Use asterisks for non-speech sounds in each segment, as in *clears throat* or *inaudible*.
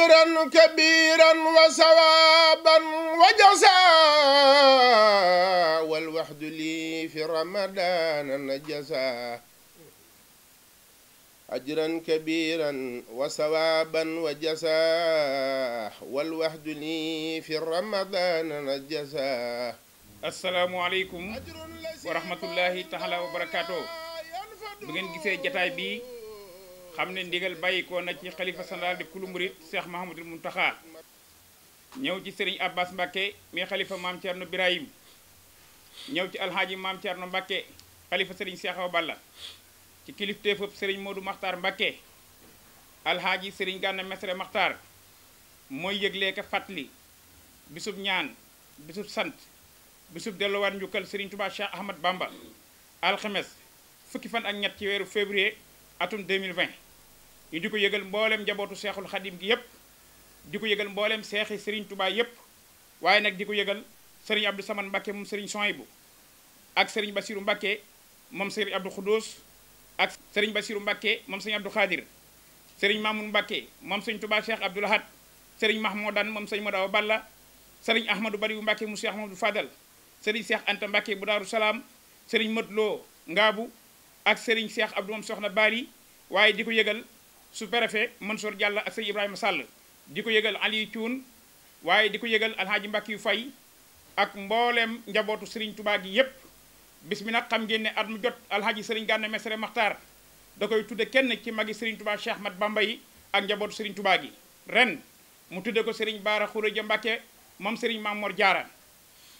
أجرا كبيرا وثوابا وجزاء والوحد لي في رمضان الجزاء أجرا كبيرا وثوابا وجزاء والوحد لي في رمضان الجزاء السلام عليكم ورحمة الله تعالى وبركاته bu ngeen gisee jataay bi xam ne ndigal bàyyikoo na ci xalifa général de kulu murit Cheikh ñëw ci sëriñ Abbas Mbàkke mi xalifa maam Cerno Birahim ñëw ci alxaaji maam Cerno Mbàkke xalifa sëriñ Cheikh Awa Balla ci kilifte fëpp sëriñ Modou Maxtaar Mbàkke alxaaji sëriñ Gànna Mesere Maxtaar mooy yëglee ka fàttali bisub ñaan bisub sant bisub delluwaat njukkal sëriñ Tuubaa Cheikh Ahmad Bamba alxemes fukki fan ak ñett ci weeru février atum 2020 ñu di ko yëgal mboolem njabootu seexul xadim gi yépp di ko yëgal mboolem seexi Serigne Touba yépp waaye nag di ko yëgal Serigne Abdou Samane Mbakke moom Serigne Sohaybu ak Serigne Bassirou Mbakke moom Serigne Abdou Khoudous ak Serigne Bassirou Mbakke moom Serigne Abdou Khadir Serigne Mamoun Mbakke moom sëriñ Touba Cheikh Abdou Lahad Serigne Mahmoudan moom Serigne Modaw Balla Serigne Ahmadou Bariou Mbakke mu Cheikh Ahmadou Fadal Serigne Cheikh Anta Mbakke bu Daaru Salaam Serigne Modou Lo Ngaabu ak Serigne Cheikh Abdou moom Soxna Bali waaye di ko yëgal sous-préfet Mansour Diallo ak sëñ Ibrahima Sall di ko yëgal Aliou Thioune waaye di ko yëgal alhaaji Mbàkki yu fay ak mboolem njabootu Serigne Touba gi yépp bis mi nag xam ngeen ne at mu jot alhaaji Serigne Gana Messere Maxtaar da koy tudde kenn ci magi Serigne Touba Cheikh Ahmad Bamba yi ak njabootu Serigne Touba gi ren mu tudde ko Serigne Baara a Mbacke moom Serigne Mamor Diarra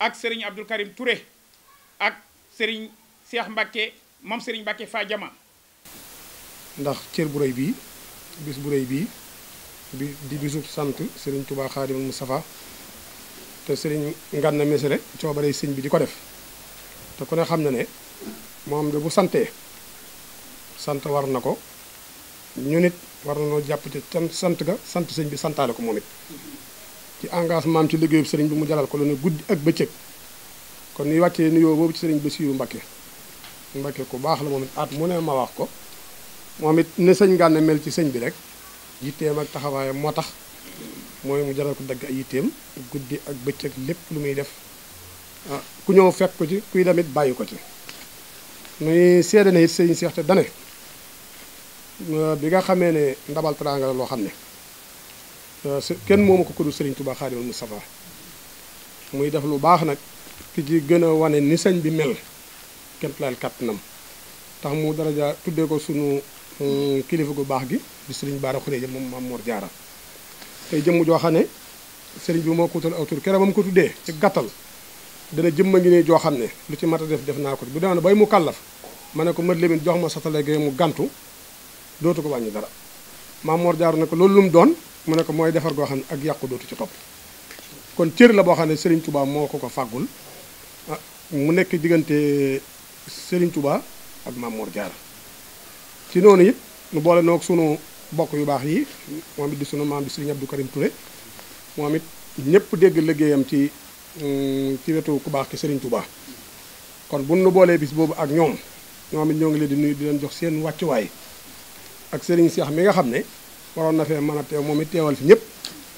ak sëriñ Abdoul Karim Touré ak sëriñ Cheikh Mbacke moom Serigne Mbacke Fadiama ndax cër bu rëy bii bis bu rëy bii bi di bisub sant Serigne Touba Xaadimal Mustafa te Serigne Ngana Mesere coobare sëñ bi di ko def te ku ne xam na ne moom de bu santee sant war na ko ñu nit war nañoo jàpp ci sant ga sant sëñ bi santaale ko moom it ci engagement ci liggéeyub sëriñ bi mu jalal ko lu ne guddi ak bëccëg kon ni wàccee nuyoo boobu ci sëriñ Bassirou Mbacké Mbacké ku baax la moom it at mu ne ma wax ko moom it ne sëñ Gana mel ci sëñ bi rek yitteem ak taxawaayam moo tax mooy mu jaral ko dagg ay yitteem guddi ak bëccëg lépp lu muy def ah, ku ñëw fekk ko ci kuy damit bàyyi ko ci muy seede na it sëñ Seex te dane euh, bi nga xamee ne ndabal teraanga loo xam ne euh, kenn moomu ko kudu sëriñ Tuubaa Xaadimal Mustafaa muy def lu baax nag ki ci gën a wane ni sëñ bi mel kenn laal kàttanam tax mu daraja tuddee ko sunu Euh, kilifa gu baax gi di sëriñ Baara Xureja moom Maam Mor Jaara tey jëmm joo xam ne sëriñ bi moo ko utal aw tur keroog ba ko tuddee ci gàttal dana jëmma ngi ne joo xam ne lu ci mat a def def naa ko bu demoon bay mu kàllaf ma ne ko mët lemin jox ma satala gay mu gàntu dootu ko wàññi dara Maam Mor Jaara ne ko loolu lu mu doon mu ne ko mooy defar goo xam ne ak yàqu dootu ci topp kon cër la boo xam ne Serigne Touba moo ko ko fàggul ah, mu nekk diggante sëriñ tubaa ak Maam Mor Jaara ci noonu it nu boole noog sunu bokk yu baax yi moom it di sunu maam bi Serigne Abdou Karim Touré moom it ñëpp dégg liggéeyam ci mm, ci wetu ku baax ki Serigne Touba kon bu nu boolee bis boobu ak ñoom ñoom it ñoo ngi leen di nuyu di leen jox seen wàccuwaay ak Serigne Cheikh mi nga xam ne waroon na fee mën a teew moom it teewal fi ñëpp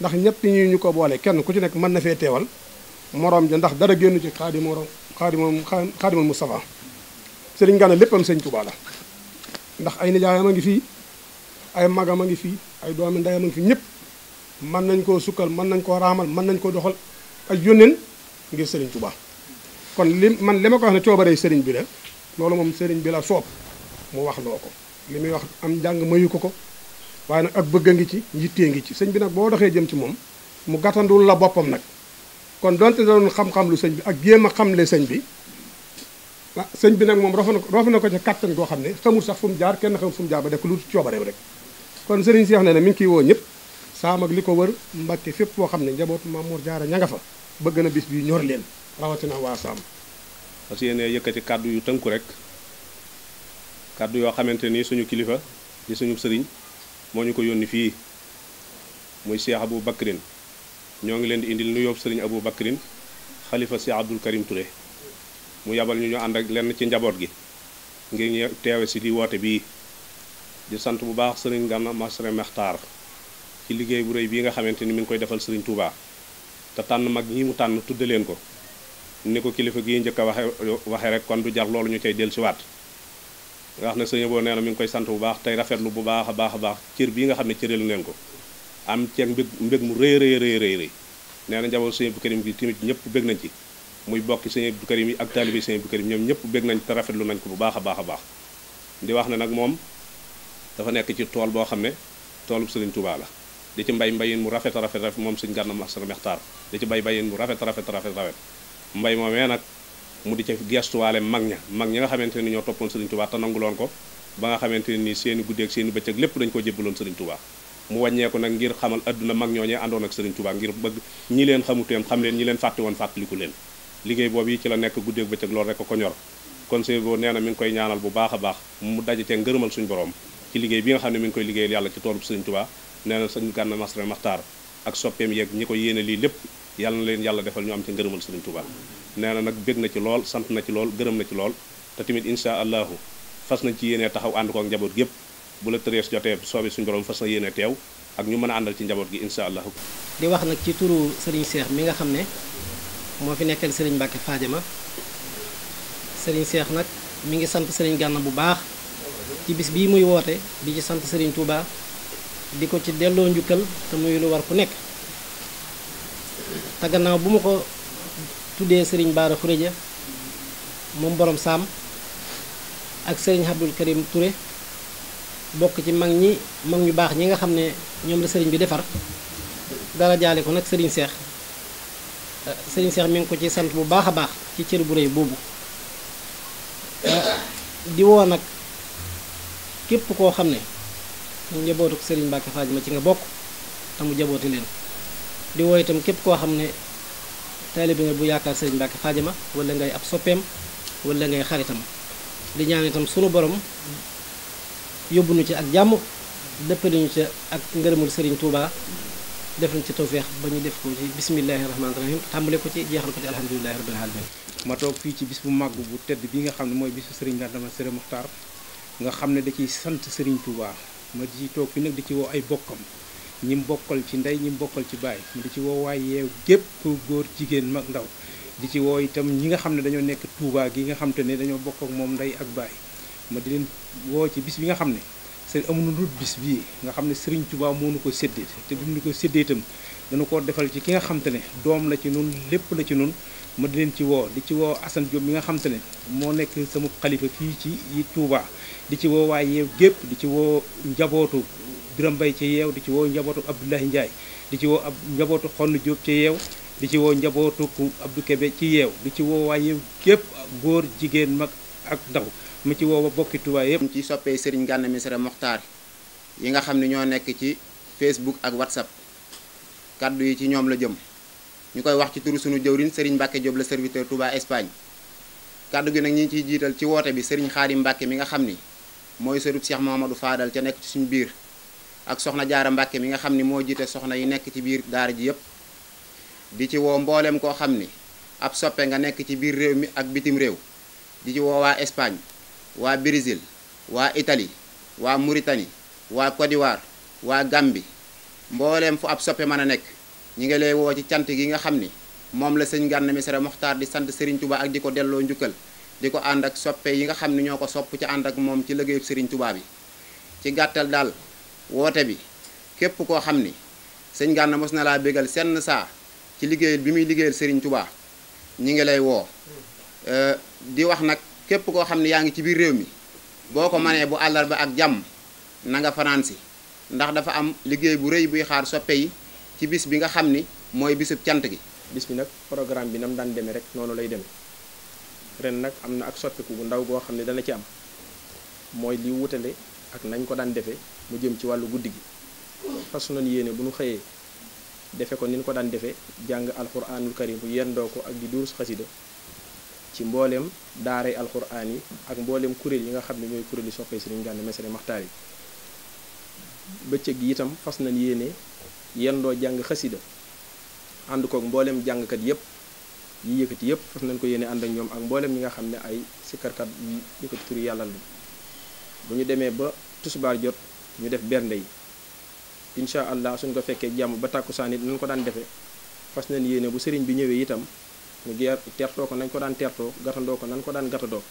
ndax ñëpp ñi ñu ko boole kenn ku ci nekk mën na fee teewal moroom ja ndax dara génn ci xaadimoro xaadimom xaadimul mu Serigne Gana léppam Serigne Touba la ndax ay nijaayam a ngi fii ay magam a ngi fii ay doomi ndeyam a ngi fii ñëpp mën nañ koo sukkal mën nañ koo raamal mën nañ koo doxal ak yónneen ngir sëriñ Tuubaa kon li man li ma ko wax ne coobaree sëriñ bi la loolu moom sëriñ bi la soob mu wax loo ko li muy wax am njàng mayu ko ko waaye nag ak bëgg a ngi ci yittee ngi ci sëñ bi nag boo doxee jëm ci moom mu gàttandul la boppam nag kon donte doon xam-xam lu sëñ bi ak jéem a le sëñ bi ah sëñ bi nag moom roof na ko roof na ko ca kàttan goo xam ne xamul sax fu mu jaar kenn xamul fu mu jaar ba def lu coobareem rek kon sëriñ Cheikh ne ne mi ngi koy woo ñëpp saam ak li ko wër mbakke fépp foo xam ne njabootu Mamour Jaara ña nga fa bëgg na bis bi ñor leen rawatina waa saam parce que yéen yëkkati kàddu yu tënku rek kàddu yoo xamante ni suñu kilifa di suñu sëriñ moo ñu ko yónni fii muy Cheikh Abou Bakrin ñoo ngi leen di indil nuyoo sëriñ abu Bakrin xalifa Cheikh Abdoul mu yabal ñu ñu ànd ak lenn ci njaboot gi ngir ñu teewe si di woote bii di sant bu baax sëriñ Gana Messere Maxtaar ci liggéey bu rëy bii nga xamante ni mi ngi koy defal sëriñ Touba te tànn mag ñi mu tànn tudde leen ko ni ko kilifa gii njëkk a waxe waxe rek kon du jar loolu ñu cay dellusiwaat siwaat xam ne sëriñ boo nee na ngi koy sant bu baax tey rafet lu bu baax a baax a baax cir bii nga xam ne cëréelu leen ko am ceeg mbég mbég mu rëy rëy rëy rëy nee na njaboot sëriñ bu Karim gi tamit ñëpp bég nañ ci muy bokki sëñ Abdou Karim yi ak taalibe sëñ Abdou Karim ñoom ñëpp bég nañ te rafetlu nañ ko bu baax a baax a wax ne nag moom dafa nekk ci tool boo xam ne toolub sëriñ Touba la di ci mbay mbayin mu rafet rafet rafet moom sëñ Gana Messere Mextaar di ci bay mbayin mu rafet rafet rafet rafet mbay moomee nag mu di ca gestuwaale mag ña mag ñi nga xamante ne ñoo toppoon sëriñ Touba te nanguloon ko ba nga xamante ne nii seeni guddeeg seeni bëccëg lépp dañu ko jébbaloon sëriñ Touba mu wàññeeku nag ngir xamal adduna mag ñooñee àndoon ak sëriñ Touba ngir bëgg ñi leen xamuteen xam leen ñi leen fàtte woon fàttaliku leen liggéey boobu yi ci la nekk guddeeg bëccëg loolu rek ko ñor kon sëñ boobu nee na mi ngi koy ñaanal bu baax a baax mu daje cee ngërëmal suñu borom ci liggéey bi nga xam ne mi ngi koy liggéeyal yàlla ci toolub sëñ Tuubaa nee na sëñ Gànna Mesere na leen nag bég na ci lool sant na ci lool gërëm na ci lool te tamit insha allahu fas nañ ci yéenee taxaw ànd ko ak njaboot gépp bu la tërees jotee soobi suñu borom fas na yéene teew ak ñu mën a àndal ci njaboot gi insha allahu di wax nga moo fi nekkal sëriñ Mbàkke ma sëriñ Seex nag mi ngi sant sëriñ Gànna bu baax ci bis bii muy woote di ci sant sëriñ Touba di ko ci delloo njukkal te muy lu war ku nekk te gannaaw bu ma ko tuddee sëriñ Baara Xuréja moom borom saam ak sëriñ Abdul Karim Touré bokk ci mag ñi mag ñu baax ñi nga xam ne ñoom la sëriñ bi defar dara jaale ko nag sëriñ Seex sëriñ Cheikh mi ngi ko ci sant bu baax a baax ci cër bu rëy boobu ah, di woo nag képp koo xam ne njabootu sëriñ Mbacke Fadima ci nga bokk te mu jabooti leen di woo itam képp koo xam ne taalibe nga bu yaakaar sëriñ Mbacke Fadima wala ngay ab soppeem wala ngay xaritam di ñaan itam sunu borom yóbbu nu ci ak jàmm dëppali ñu ci ak ngërëmul sëriñ tuubaa def nañ ci tawféex ba ñu def ko ci bismillahi rahmaani rahim tàmbale ko ci jeexal ko ci alhamdulilahi rabbil alamin ma toog fii ci bis bu màgg bu tedd bi nga xam ne mooy bisu sëriñ Gana Messere Muxtaar nga xam ne da ciy sant sëriñ Touba ma di ci toog fi nag di ci woo ay bokkam ñi mu bokkal ci ndey ñi mu bokkal ci baay ma di ci woo waay yeew gépp góor jigéen mag ndaw di ci woo itam ñi nga xam ne dañoo nekk Touba gi nga xam ne dañoo bokk moom ndey ak baay ma di leen woo ci bis bi nga xam ne sëñ amuñu lu bis bii nga xam ne Serigne Touba moo nu ko séddee te bi ñu ko séddee dana ko defal ci ki nga xam ne doom la ci noonu lépp la ci noonu ma di leen ci woo di ci woo Assane Diop mi nga xam te ne moo nekk sama xalifa fii ci yi Touba di ci woo waa yeew gépp di ci woo njabootu Biram Bay ci yeew di ci woo njabootu Abdoulahi Ndiaye di ci woo ab njabootu Xonn Diop ci yeew di ci woo njabootu Abdou Kébé ci yeew di ci woo waa yeew gépp góor jigéen mag ak ndaw mu ci woo bokki Touba yëpp. ci soppee Serigne Ganna Messere Mokhtar yi nga xam ne ñoo nekk ci Facebook ak WhatsApp kàddu yi ci ñoom la jëm ñu koy wax ci turu sunu jëwriñ sëriñ Mbacke Diop la serviteur Touba Espagne kaddu gi nag ñi ciy jiital ci woote bi Serigne Khadim Mbacke mi nga xam ni mooy sërub Cheikh du Fadal ca nekk ci suñu biir ak soxna Jaara Mbacke mi nga xam ni moo jiite soxna yi nekk ci biir daara ji yëpp di ci woo mbooleem koo xam ni ab soppe nga nekk ci biir réew mi ak bitim réew di ci woo waa Espagne. waa Brésil waa Italie waa Mauritanie waa Côte d'Ivoire waa Gambie mbooleem fu ab soppe mën a nekk ñi ngi lay woo ci cant gi nga xam ni moom la sëñ Gana Messere Mokhtar di sant Serigne Touba ak di ko delloo njukkal di ko ànd ak soppe yi nga xam ne ñoo ko sopp ci ànd ak moom ci liggéeyub Serigne Touba bi ci gàttal daal woote bi képp koo xam ni sëñ Gana mos na laa bégal senn saa ci liggéey bi muy liggéeyal Serigne tubaa ñi ngi lay woo hmm. euh, di wax nag képp koo xam ne yaa ngi ci biir réew mi boo ko manee bu àllarba ak jàmm na nga fanaan si ndax dafa am liggéey bu rëy buy xaar soppe yi ci bis bi nga xam ni mooy bisub cant gi. bis bi nag programme bi nam daan demee rek noonu lay demee ren nag am na ak soppiku bu ndaw goo xam ne dana ci am mooy li wutale ak nañ ko daan defee mu jëm ci wàll guddi gi fas nañ yéene bu ñu xëyee defe ko ni ñu ko daan defee jàng alxuraanul karim yenn doo ko ak di duurus xasida mbooleem daaray alxuraan yi ak mbooleem kuréel yi nga xam ne ñooy kuréeli soppe Sëriñ Ganna Messere Maxtaar yi bëccëg gi itam fas nañ yéene yendoo jàng xasida ànd koog mbooleem jàngkat yépp yi yëkkati yépp fas nañ ko yéene ànd ak ñoom ak mbooleem ñi nga xam ne ay sikkarkat yi yëkkati turi yàlla la bu ñu demee ba tusbaar jot ñu def bernde yi incha allah suñ ko fekkee jàmm ba tàkkusaan it nañ ko daan defee fas nañ yéene bu sëriñ bi ñëwee itam ñu geer teertoo ko nañ ko daan teertoo gatandoo ko nañ ko daan gatandoo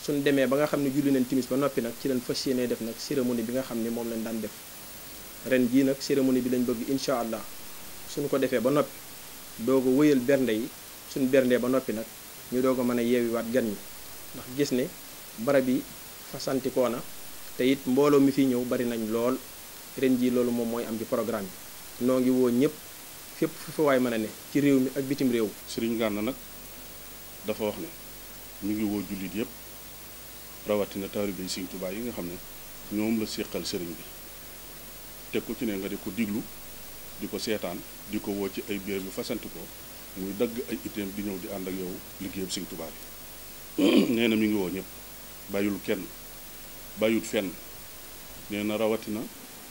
suñ demee ba nga xam ne julli nañ timis ba noppi nag ci leen fas yéenee def nag cérémonie bi nga xam ne moom lañ daan def ren jii nag cérémonie bi lañ bëgg incha allah suñu ko defee ba noppi doog a wëyal bernde yi suñ berndee ba noppi nag ñu doog a mën a yeewiwaat gan ñi ndax gis ne barab yi fasantikoo na te it mbooloo mi fi ñëw bari nañ lool ren jii loolu moom mooy am ci programme bi noo ngi woo ñëpp fépp fu fa waay mën ne ci réew mi ak bitim réew. Serigne Gana nag dafa wax ne ñu ngi woo jullit yëpp rawatina taalibe yi Serigne yi nga xam ne ñoom la séqal Serigne bi te nga di ko diglu di ko seetaan di ko woo ci ay biir bi fasanti muy dagg ay itam di ñëw di ànd ak yow liggéeyam Serigne Touba *clears throat* nee na mi ngi woo ñëpp bàyyul kenn bàyyut fenn nee na rawatina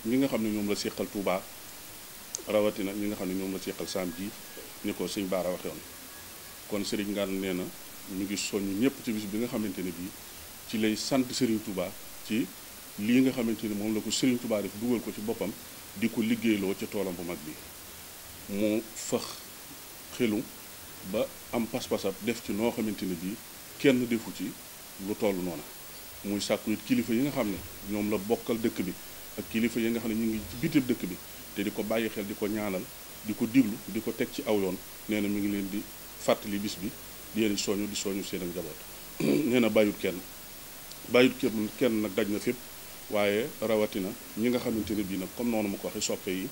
ñi nga xam ne ñoom la séqal Touba. rawatina ñi nga xam ne ñoom la seqal saam ji ni ko sëñ Baara waxee kon Serigne Ngane nee na ñu ngi soññ ñëpp ci bi nga xamante ne bii ci lay sant Serigne tubaa ci lii nga xamante ni moom la ko Serigne Touba def dugal ko ci boppam di ko liggéeyloo ca toolam bu mag bi mu fax xelu ba am pas-pasab def ci noo xamante ne bii kenn defu ci lu toll noona muy sàkku it kilifa yi nga xam ne ñoom la bokkal dëkk bi. ak kilifa yi nga xam ne ñu ngi ci bitim dëkk bi te di ko bàyyi xel di ko ñaanal di ko diglu di ko teg ci aw yoon nee na mi ngi leen di fàttali bis bi di leen soñu di soñu seen ak njaboot *clears throat* nee na bàyyut kenn bàyyut kenn kenn nag daj na fépp waaye rawatina ñi nga xamante ne bii nag comme noonu ma ko waxee soppe yi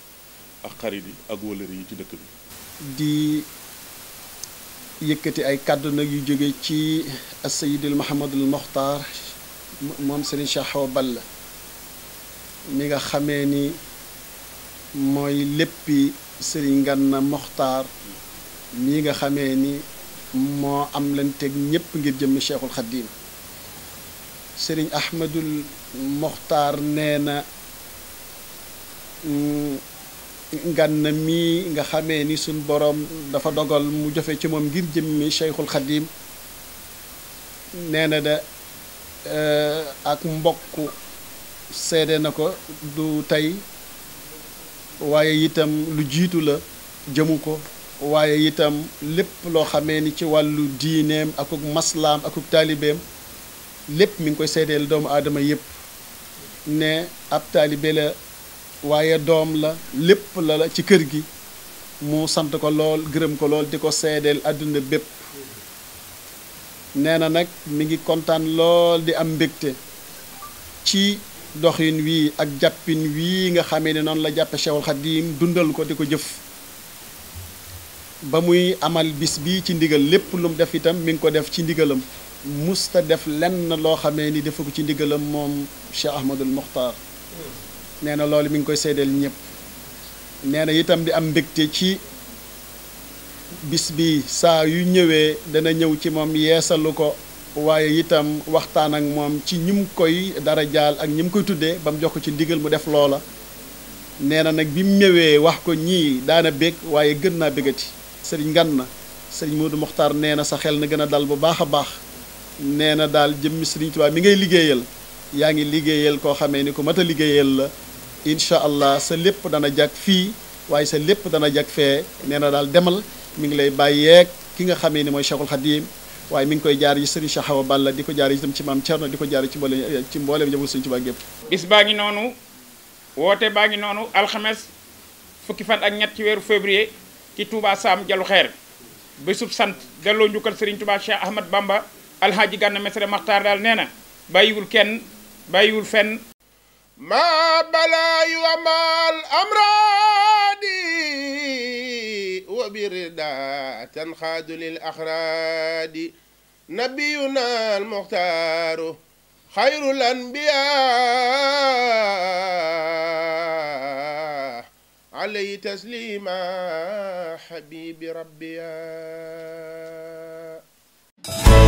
ak xarit yi ak wëllëre yi ci dëkk bi. di yëkkati ay kàddu nag yu jóge ci Seydil Mahamadul Moxtaar moom Serigne Cheikh Awa Balla mi nga xamee ni mooy léppi ngan na Mokhtar mi nga xamee ni moo am leen teg ñépp ngir jëmmi Cheikhul sëriñ Serigne Ahmadul Mokhtar nee na mm, Ganna mii nga xamee ni suñ boroom dafa dogal mu jofe ci moom ngir jëmmi Cheikhul Khadim neena de da eh, ak mbokk seede na ko du tey waaye itam lu jiitu la jëmu ko waaye itam lépp loo xamee ni ci wàllu diineem akuk maslaam akuk taalibeem lépp mi ngi koy seedeel doomu aadama yépp ne ab taalibe la waaye doom la lépp la ci kër gi mu sant ko lool gërëm ko lool di ko seedeel àdduna bépp nee na nag mu ngi kontaan lool di am mbégte ci doxin wii ak jàppin wii nga xamee ne noonu la jàppe Cheikhul Khadim dundal ko di ko jëf ba muy amal bis bi ci ndigal lépp lu mu def itam mi ngi ko def ci ndigalam musta def lenn loo xamee ni defu ko ci ndigalam moom Cheikh Ahmadul Muxtaar nee na loolu mi ngi koy seedeel ñëpp nee na itam di am mbégte ci bis bi saa yu ñëwee dana ñëw ci moom yeesalu ko waaye itam waxtaan ak moom ci ñi koy dara jaal ak ñi mu koy tuddee ba mu jox ko ci ndigal mu def loola nee na nag bi mu mewee wax ko ñii daana bég waaye gën naa bégati sëriñ Ganna sëriñ Modou Mokhtar nee na sa xel na gën a dal bu baax a baax nee na daal jëmmi sëriñ Tuubaa mi ngay liggéeyal yaa ngi liggéeyal koo xamee ni ko mat a liggéeyal la incha allah sa lépp dana jag fii waaye sa lépp dana jag fee nee na daal demal mu ngi lay bàyyeeg ki nga xamee ni mooy Cheikhul Khadim waaye mi ngi koy jaar yi sëriñ Cheikh Awa Balla di ko jaar itam ci maam Thierno di ko jaar ci mboole ci mbooleem jëmul sëriñ Tuubaa gépp bis baa ngi noonu woote baa ngi noonu alxames fukki fan ak ñett ci weeru février ci Touba Sam jalu xeer bésub sant delloo njukkal sëriñ Touba Cheikh Ahmad Bamba alhaaji ganna Messere Maxtaar daal nee na bàyyiwul kenn bàyyiwul fenn ma balaayu amal amra لا تنخاد للأخراد نبينا المختار خير الأنبياء عليه تسليما حبيب ربيا